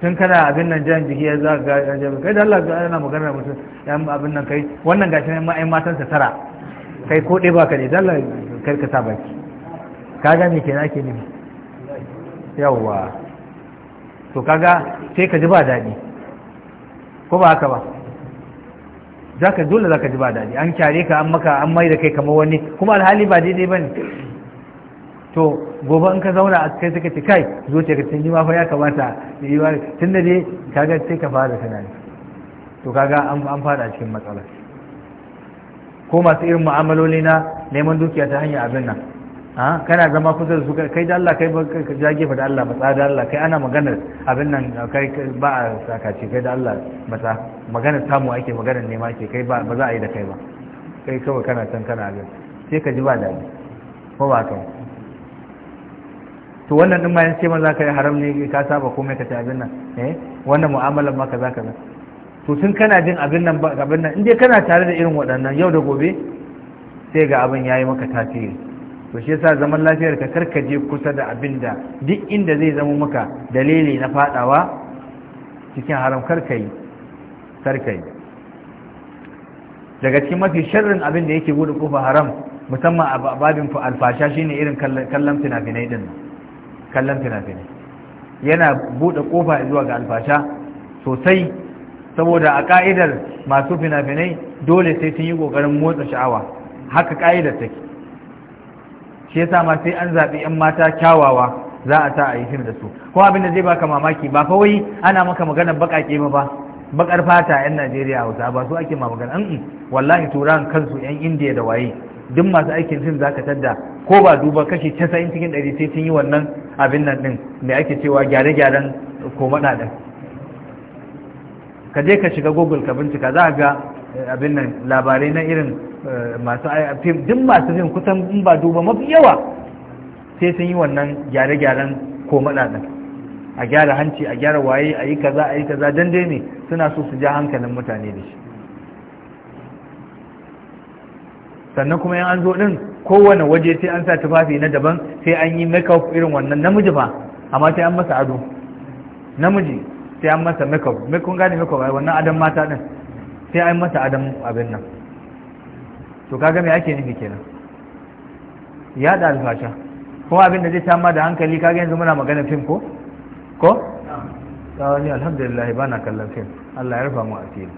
A: tun kana abin nan jan jiki za ka ga jan kai da Allah ga ana magana mutum yan abin nan kai wannan gashi ne ma'ai matansa tara kai ko ɗaya ba ka ne da kar ka sa baki kaga me kenan ake nufi yawwa to kaga sai ka ji ba daɗi ko ba haka ba za ka dole za ka ji ba daɗi an kyare ka an maka an mai da kai kamar wani kuma alhali ba daidai ba ne to gobe in ka zauna a kai suka ce kai ce ka canji ma fa ya kamata da yi tun da dai kaga sai ka fara tunani to kaga an fara cikin matsalar. ko masu irin mu'amaloli na neman dukiya ta hanyar abin nan a kana zama kusa da su kai da Allah kai ka ja gefe da Allah matsa da Allah kai ana maganar abin nan kai ba a sakace kai da Allah matsa maganar samu ake maganar nema ake kai ba za a yi da kai ba kai kawai kana can kana abin sai ka ji ba daɗi ko ba kai to wannan din ma yace ma za ka yi haram ne ka saba komai ka ta abin nan eh wannan mu'amalar ma ka za ka to tun kana jin abin nan abin nan inda kana tare da irin waɗannan yau da gobe sai ga abin ya yi maka tasiri to shi yasa zaman lafiyar ka je kusa da abin da duk inda zai zama maka dalili na fadawa cikin haram karkai karkai daga cikin mafi sharrin abin da yake buɗe kofa haram musamman a babin alfasha shine irin kallon fina din kallon finafinai yana buɗe kofa zuwa ga alfasha sosai saboda a ka'idar masu fina-finai dole sai sun yi kokarin motsa sha'awa haka ka'idar take shi yasa ma sai an zaɓi 'yan mata kyawawa za a sa a yi fim da su ko abin da zai baka mamaki ba fa ana maka magana baƙaƙe ba ba Baƙar fata 'yan Najeriya a Hausa ba su ake ma magana An'u, wallahi turan kansu 'yan Indiya da waye duk masu aikin fim zaka tadda ko ba duba kashi casa'in cikin ɗari sai sun yi wannan abin nan din Mai ake cewa gyare-gyaren ko maɗaɗin ka je ka shiga google ka bincika za ga eh, abin nan labarai na irin eh, masu eh, fim duk masu fim kusan in ba duba mafi yawa sai sun yi wannan gyare-gyaren ko maɗaɗa a gyara hanci a gyara waye a yi kaza a yi kaza dan dai ne suna so su ja hankalin mutane da shi sannan kuma yan an zo din kowane waje sai an sa tufafi na daban sai an yi makeup irin wannan namiji ba amma sai an masa ado namiji sai an masa makeup mai kun gane makeup a wannan adam mata din sai an masa adam abin nan to kaga me ake nufi kenan ya da alfasha kuma abin da zai tama da hankali kaga yanzu muna magana fim ko ko ni alhamdulillah ba na kallon fim Allah ya rufa mu asiri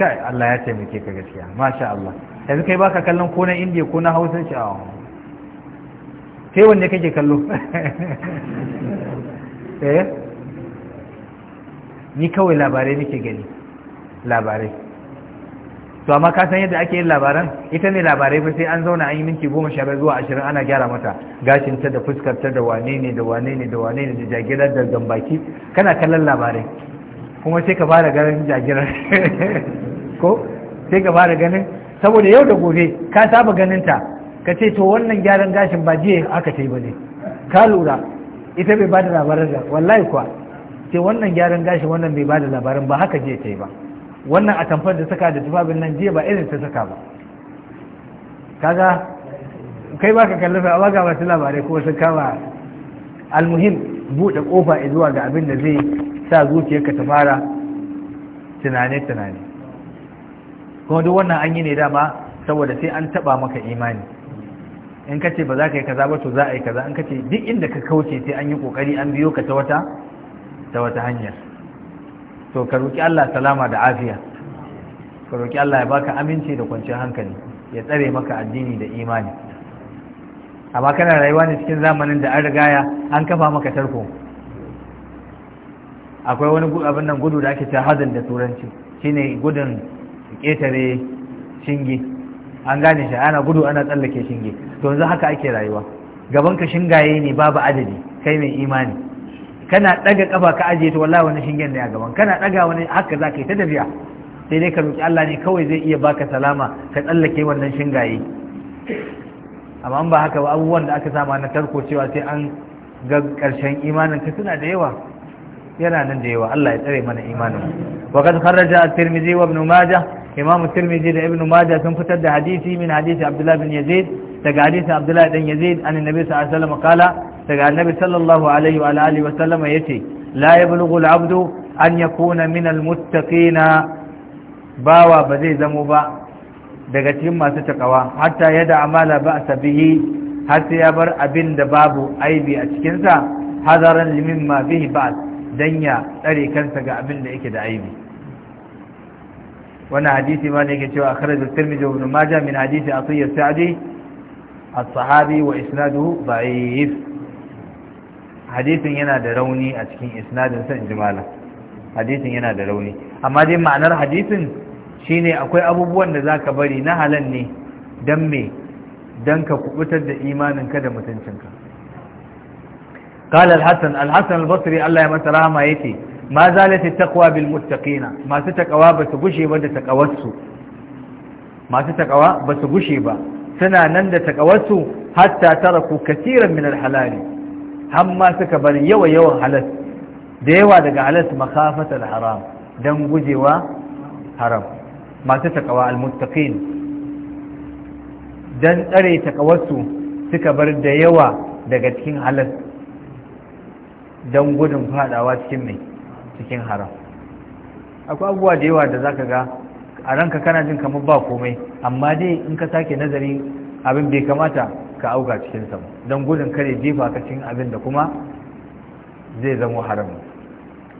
A: kai Allah ya taimake ka gaskiya masha Allah yanzu kai baka kallon ko na indiya ko na hausa ce a sai wanne kake kallo eh ni kawai labarai nake gani labarai to amma ka san yadda ake yin labaran ita ne labarai ba sai an zauna an yi minti goma sha zuwa ashirin ana gyara mata gashinta da ta da wane ne da wane ne da wane ne da jagirar da zambaki kana kallon labarai kuma sai ka fara ganin jagirar ko sai ka fara ganin saboda yau da gobe ka saba ganin ta ka ce to wannan gyaran gashin ba jiya aka ta yi ba ne ka lura ita bai ba da labaran da wallahi kuwa ce wannan gyaran gashi wannan bai bada labarin ba haka je ta yi ba wannan a tamfar da saka da tufafin nan jiya ba irin ta saka ba kaga kai baka kallafa a ga masu labarai ko sun kama almuhim buɗe kofa zuwa ga abin da zai sa zuciyarka ta fara tunane-tunane kuma duk wannan an yi ne dama saboda sai an taɓa maka imani in ka ce ba za ka yi kaza ba to za a yi kaza in ka ce duk inda ka kauce sai an yi ƙoƙari an biyo ka ta wata ta wata hanyar to ka roki Allah salama da afiya ka roki Allah ya baka aminci da kwanciyar hankali ya tsare maka addini da imani amma kana rayuwa ne cikin zamanin da an rigaya an kafa maka tarko akwai wani abin nan gudu da ake cewa hazin da turanci shine gudun ƙetare shinge an gane shi ana gudu ana tsallake shinge to yanzu haka ake rayuwa gaban ka shingaye ne babu adadi kai mai imani kana daga kafa ka ajiye ta wallahi wani shingen da ya gaban kana daga wani haka za ka yi ta tafiya sai dai ka roki Allah ne kawai zai iya baka salama ka tsallake wannan shingaye amma ba haka ba abubuwan da aka sama na tarko cewa sai an ga karshen imanin ka suna da yawa yana nan da yawa Allah ya tsare mana imanin wa kad kharaja at-tirmidhi wa ibn majah imam at-tirmidhi da ibn majah sun fitar da hadisi min hadisi abdullah bin yazid daga hadisi abdullah dan yazid an annabi sallallahu alaihi wasallam kala daga annabi sallallahu alaihi wa alihi wa sallama yace la yablughu al-abdu an yakuna min al bawa ba zai zamo ba daga cikin masu takawa hatta yada amala ba sabihi har sai ya bar abin da babu aibi a cikin sa hazaran limin ma bihi ba dan ya tsare kansa ga abin da yake da aibi wannan hadisi ma ne yake cewa akhraj tirmidhi wa ibn majah min hadisi atiyya sadi as-sahabi wa isnaduhu da'if Hadisin yana da rauni a cikin isnadin san jimala hadithin yana da rauni amma dai ma'anar hadithin shine akwai abubuwan da zaka bari na halan ne dan dan ka kubutar da imanin ka da mutuncinka. ka al-hasan al basri Allah ya masa rahama yake ma zalat at-taqwa bil masu taqwa ba gushe ba da taqawarsu masu taqwa ba su ba suna nan da taqawarsu hatta taraku kaseeran min al-halali hamma suka bar yawa yawan halas da yawa daga halas makafatar haram don gujewa haram masu takawa almuttaqin don tsare takawarsu suka bar da yawa daga cikin halas don gudun fadawa cikin mai cikin haram akwai abubuwa da yawa da za ka ga a ranka kana jin kamar ba komai amma dai in ka sake nazari abin bai kamata ka auka cikinsa ba don gudun kare jefa ka cikin abin da kuma zai zama haramu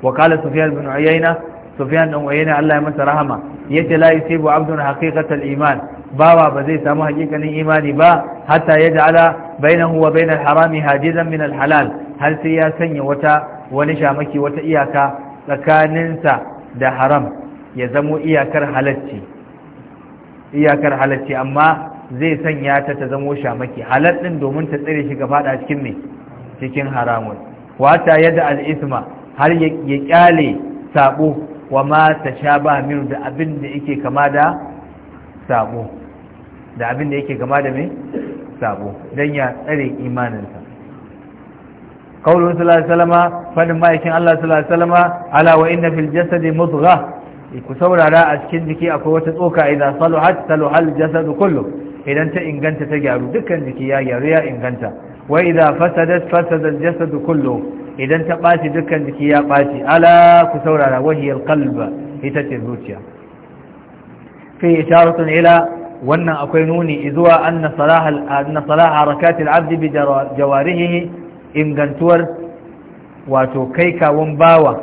A: wa kala sufyan bin uyayna sufyan bin uyayna Allah ya masa rahama yace la yusibu abdun haqiqatal iman bawa ba zai samu haƙiƙanin imani ba hatta ya ja'ala bainahu wa bainal harami hajizan min al halal har sai ya sanya wata wani shamaki wata iyaka tsakaninsa da haram ya zamo iyakar halacci iyakar halacci amma zai sanya ta ta zamo shamaki halal din domin ta tsare shi gaba da cikin me cikin haramun wata yadda al'isma har ya kyale sabo wa ma ta sha ba minu da abin da yake kama da sabo da abin da yake kama da me sabo don ya tsare imanin sa. imaninsa kawulun salama fadin ma'aikin Allah salama ala wa inna fil jasadi mudgha ku saurara a cikin jiki akwai wata tsoka idan saluhat saluhal jasadu kullu idan ta inganta ta gyaru dukkan jiki ya gyaru ya inganta wa idza fasadat fasada al-jasad kullu idan ta baci dukkan jiki ya baci ala ku saurara wahiyal qalb ita ce zuciya fi isharatun ila wannan akwai nuni zuwa anna salah anna salah harakat al-abd bi jawarihi ingantuwar wato kai kawun bawa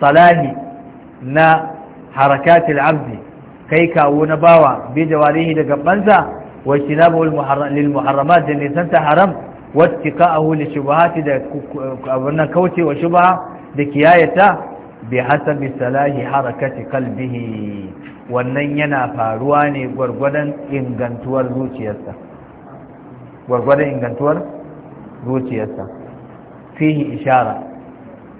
A: salahi na harakat al-abd kai kawo na bawa bi daga da gabansa wa shinabu lil muharramat da nisan ta haram wa tiqa'ahu li shubahati da wannan kauce wa shubha da kiyayata bi hasabi salahi harakati qalbihi wannan yana faruwa ne gwargwadon ingantuwar zuciyarsa gwargwadon ingantuwar zuciyarsa fihi ishara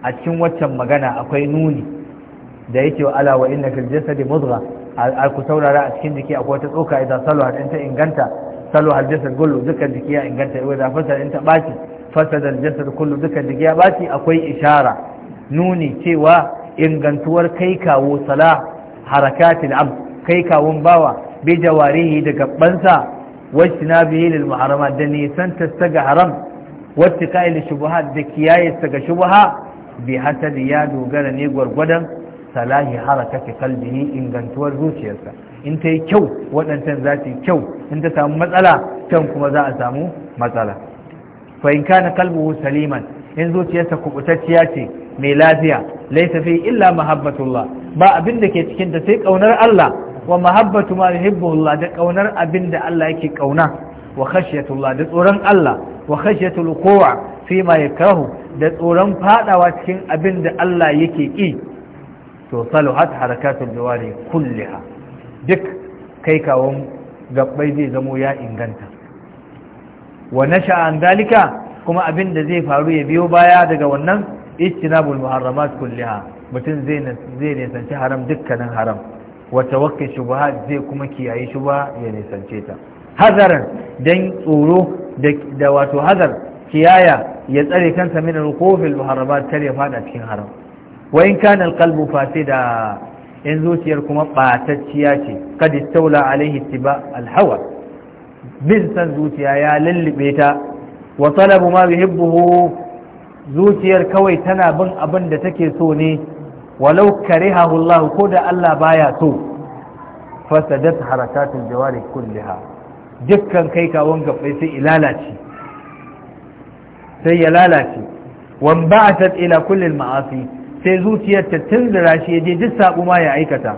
A: a cikin waccan magana akwai nuni da yake wa ala wa innaka al-jasadi mudghah ku saurara a cikin jiki akwai ta tsoka idan saluhat in ta inganta saluhat jasad kullu dukkan jiki ya inganta idan fasad in ta baci fasadal jasad kullu dukkan jiki ya baci akwai ishara nuni cewa ingantuwar kai kawo salah harakatil abd kai kawun bawa bi jawarihi da gabbansa na bihi lil muharramat da nisan ta ga haram wacce kai li shubuhat da kiyaye ga shubha bi hasadi ya dogara ne gwargwadon salahi harakati kalbihi ingantuwar zuciyarsa in ta yi kyau waɗancan za ta yi kyau in ta samu matsala can kuma za a samu matsala fa in kana kalbuhu saliman in zuciyarsa kubutacciya ce mai lafiya laisa fi illa mahabbatullah ba abin da ke cikin ta sai kaunar Allah wa mahabbatu ma yuhibbuhullah da kaunar abin da Allah yake kauna wa khashyatullah da tsoron Allah wa khashyatul quwa fi ma yakrahu da tsoron fadawa cikin abin da Allah yake ki to saluhat harakatul jawari kulliha duk kai kawon gabbai zai zamo ya inganta wa nasha an dalika kuma abin da zai faru ya biyo baya daga wannan ijtinabul muharramat kulliha mutum zai nisanci haram dukkanin haram wa tawakki shubha zai kuma kiyaye shubha ya nisance ta hazaran dan tsoro da wato hazar kiyaya ya tsare kansa min al muharramat kar ya fada cikin haram wa in kana alqalbu fasida in zuciyar kuma batacciya ce kad istawla alaihi tiba alhawa bin san zuciya ya lullube ta wa talabu ma yuhibbuhu zuciyar kawai tana bin abin da take so ne walau karihahu Allah ko da Allah baya so fasadat harakatul jawari kulliha dukkan kai ka gabbai sai sai ya lalace wan ba'atat ila kulli ma'asi sai zuciyar ta rashi ya je duk sabu ma ya aikata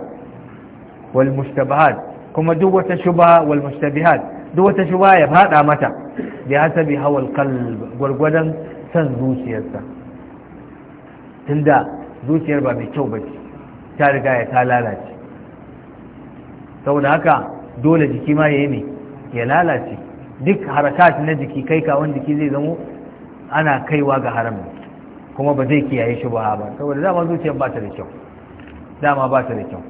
A: wal mushtabahat kuma duk wata shuba wal mushtabihat duk wata shuba ya fada mata bi hasabi hawal qalb gurgurdan san zuciyarsa tunda zuciyar ba mai kyau bace ta riga ya ta lalace saboda haka dole jiki ma yayi ne ya lalace duk harakat na jiki kai ka wanda jiki zai zamo ana kaiwa ga haram kuma ba zai kiyaye shi ba ba saboda dama zuciyar ba ta da kyau dama ba ta da kyau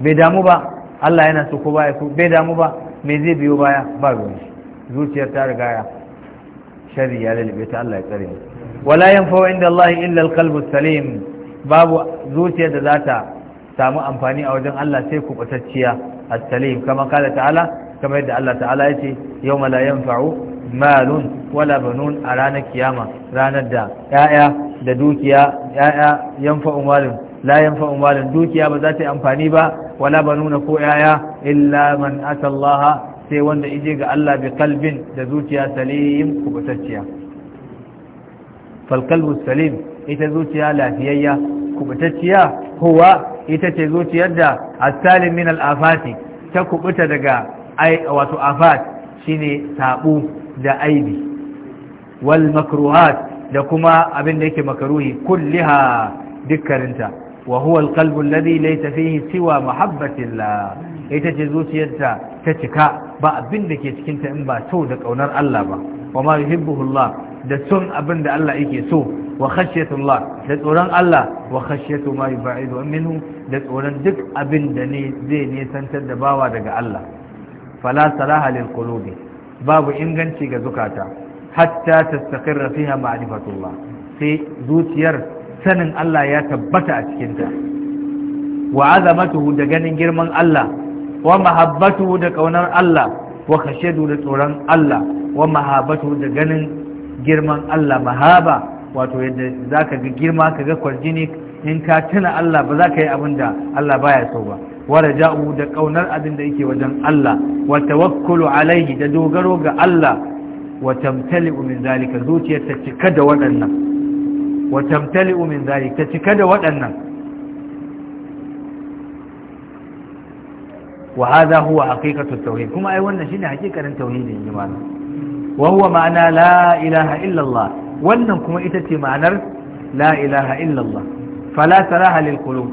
A: bai damu ba Allah yana so ko baya so bai damu ba me zai biyo baya ba ruwan shi zuciyar ta riga ya sharri ya lalube ta Allah ya tsare mu wala wa inda Allah illa al-qalbu salim babu zuciyar da za ta samu amfani a wajen Allah sai kwatacciya as-salim kama kala ta'ala kamar yadda Allah ta'ala yace yawma la yanfa'u malun wala banun a ranar kiyama ranar da ya'ya da dukiya ya'ya yanfa umalin la yanfa umalin dukiya ba za ta yi amfani ba wala banuna ko ya'ya illa man atallaha sai wanda ije ga Allah bi kalbin da zuciya salim kubutacciya falkalbu salim ita zuciya lafiyayya kubutacciya kowa ita ce zuciyar da asalin min al'afati ta kubuta daga wato afat shine saɓo da aibi wal makruhat da kuma abin da yake makaruhi kulliha dukkaninta wa huwa alqalbu alladhi laysa fihi siwa mahabbatillah ita ce zuciyarta ta cika ba abin da ke cikinta in ba so da kaunar Allah ba wa ma yuhibbuhu Allah da son abin da Allah yake so wa Allah! da tsoron Allah wa khashyatu ma yub'idu minhu da tsoron duk abin da ne zai nisantar da bawa daga Allah fala salaha lil qulubi babu inganci ga zukata hatta tastaqirra fiha ma'rifatullah sai zuciyar sanin Allah ya tabbata a cikinta wa azamatuhu da ganin girman Allah wa mahabbatuhu da kaunar Allah wa khashyatu da tsoron Allah wa mahabbatuhu da ganin girman Allah mahaba wato yadda zaka ga girma kaga ga kwarjini in ka tuna Allah ba za ka yi abin da Allah baya so ba wa raja'u da kaunar abin da yake wajen Allah wa tawakkulu alaihi da dogaro ga Allah wa tamtali'u min zalika zuciyar ta cika da waɗannan wa tamtali'u min zalika ta cika da waɗannan wa hadha huwa haqiqatu tauhid kuma ai wannan shine hakikarin tauhidin jama'a wa huwa ma'ana la ilaha illa Allah wannan kuma ita ce ma'anar la ilaha illa Allah fala taraha lil qulub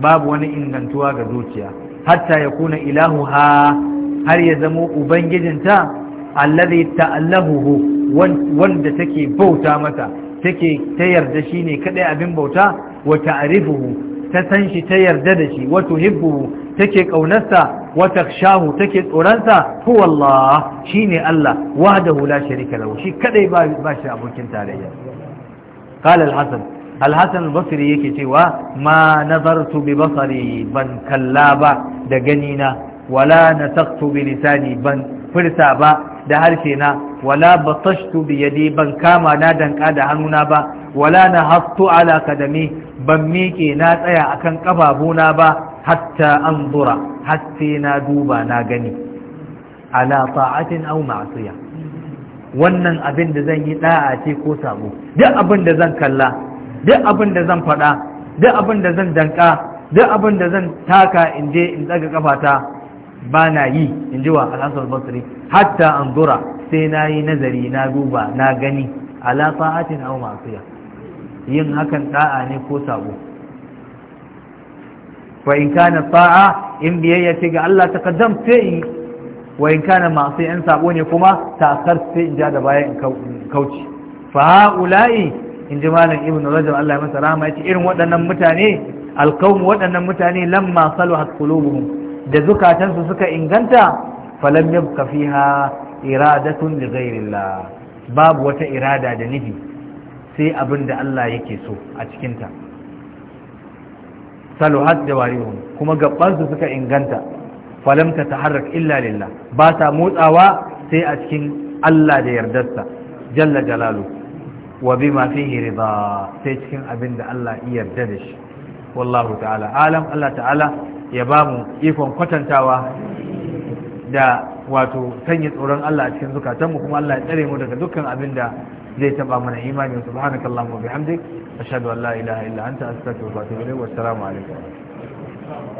A: babu wani ingantuwa ga zuciya hatta ya kuna ilahu ha har ya zamo ubangijinta allazi ta'allahu wanda take bauta mata take ta yarda shi ne kadai abin bauta wa ta'rifuhu ta san shi ta yarda da shi wato tuhibbuhu take kaunarsa wa takshahu take tsoronsa ko Allah shine Allah wahdahu la sharika lahu shi kadai ba shi abokin tarayya qala Hassan. alhassan basiri yake cewa ma nazartu bi basari ban kalla ba da ganina wala nasaqtu bi lisani ban furta ba da harshe na wala batashtu bi yadi ban kama na danka da hannuna ba wala nahastu ala kadami ban miƙe na tsaya akan kafafuna ba hatta anzura hatta na duba na gani ala ta'atin aw ma'siyah wannan abin da zan yi da'a ce ko sabo duk abin da zan kalla duk abin da zan faɗa duk abin da zan danka duk abin da zan taka in je in daga kafata ba na yi in ji wa al'asar basri hatta an zura sai na yi nazari na duba na gani ala fa'atin masu ya yin hakan da'a ne ko sabo wa in kana sa'a in biyayya ce ga Allah taqaddam sai in wa in kana masu yan sabo ne kuma ta sai in ja da baya in kauce fa ha'ula'i in ji malam ibn rajab Allah ya masa rahama yace irin waɗannan mutane waɗannan mutane lamma qulubuhum da zukatansu suka inganta falam yabqa fiha iradatun li babu wata irada da nufi sai abin da Allah yake so a cikinta saluhat jawarihum kuma gabansu suka inganta falam tataharrak illa lillah ba ta motsawa sai a cikin Allah da yardarsa jalla jalaluhu Wabi mafi fihi rida sai cikin abin da Allah iya yarda da shi wallahu ta'ala alam Allah ta'ala ya ba mu ikon kwatantawa da wato sanya tsoron Allah a cikin zukatanmu kuma Allah ya tsare mu daga dukkan abin da zai taba mana imani subhanakallahumma wa bihamdik ashhadu an la ilaha illa anta astaghfiruka wa atubu ilayk wa assalamu
B: alaikum